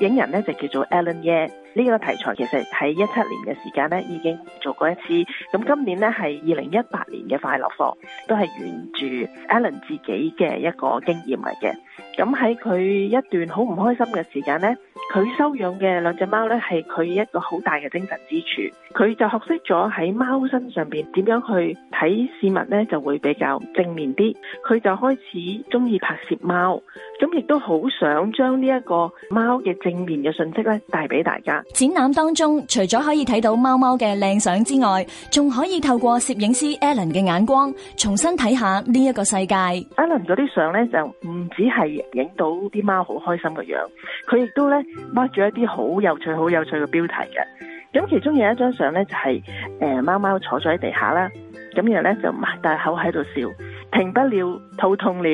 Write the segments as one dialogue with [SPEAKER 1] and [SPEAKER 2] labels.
[SPEAKER 1] 影人咧就叫做 Alan Ye，呢個題材其實喺一七年嘅時間咧已經做過一次，咁今年咧係二零一八年嘅快樂課，都係沿住 Alan 自己嘅一個經驗嚟嘅，咁喺佢一段好唔開心嘅時間咧。佢收養嘅兩隻貓咧，係佢一個好大嘅精神支柱。佢就學識咗喺貓身上邊點樣去睇事物咧，就會比較正面啲。佢就開始中意拍攝貓，咁亦都好想將呢一個貓嘅正面嘅信息，咧帶俾大家。
[SPEAKER 2] 展覽當中，除咗可以睇到貓貓嘅靚相之外，仲可以透過攝影師 Alan 嘅眼光，重新睇下呢一個世界。Alan 嗰啲相咧，就唔止係影到啲貓好開心嘅樣，佢亦都咧。挖住一啲好
[SPEAKER 1] 有趣、好有趣嘅標題嘅，咁其中有一張相呢，就係、是、誒、呃、貓貓坐咗喺地下啦，咁然後呢，就擘大口喺度笑，停不了，肚痛了，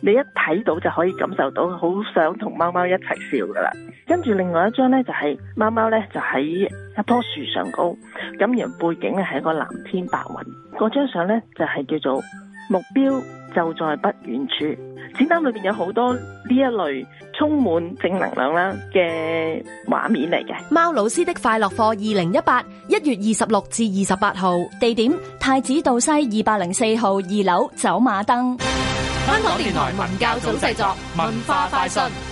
[SPEAKER 1] 你一睇到就可以感受到好想同貓貓一齊笑噶啦。跟住另外一張呢，就係、是、貓貓呢，就喺一棵樹上高，咁然後背景呢係一個藍天白雲，嗰張相呢，就係、是、叫做目標就在不遠處」。展覽裏邊有好多呢一類充滿正能量啦嘅畫面嚟嘅。
[SPEAKER 2] 貓老師的快樂課二零一八一月二十六至二十八號，地點太子道西二百零四號二樓走馬燈。
[SPEAKER 1] 香港電台文教組製作，文，製作文化快訊。